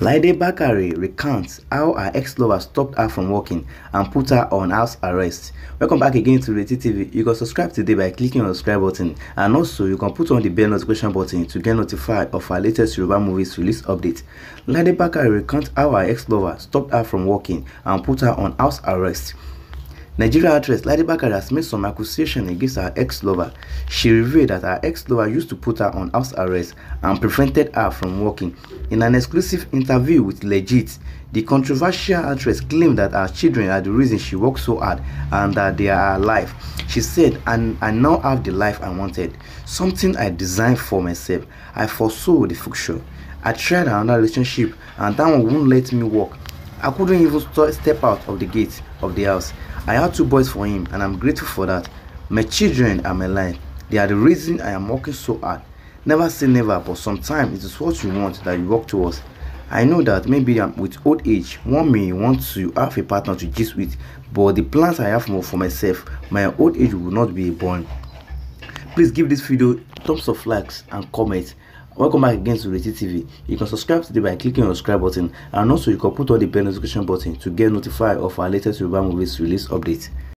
Laide Bakari recounts how her ex-lover stopped her from working and put her on house arrest. Welcome back again to Reality TV. You can subscribe today by clicking on the subscribe button and also you can put on the bell notification button to get notified of our latest Yoruba movies release update. Laide Bakari recounts how her ex-lover stopped her from working and put her on house arrest. Nigeria actress Ladybakar has made some accusations against her ex-lover. She revealed that her ex-lover used to put her on house arrest and prevented her from working. In an exclusive interview with Legit, the controversial actress claimed that her children are the reason she worked so hard and that they are alive. She said, and I now have the life I wanted, something I designed for myself. I foresaw the future. I tried another relationship and that one wouldn't let me work. I couldn't even step out of the gate of the house. I had two boys for him and I'm grateful for that. My children are my life. They are the reason I am working so hard. Never say never, but sometimes it is what you want that you work towards. I know that maybe I'm with old age, one may want to have a partner to gist with, but the plans I have more for myself, my old age will not be born. Please give this video thumbs up likes and comments. Welcome back again to Reti TV. You can subscribe today by clicking on the subscribe button and also you can put on the bell notification button to get notified of our latest Yoruba movies release update.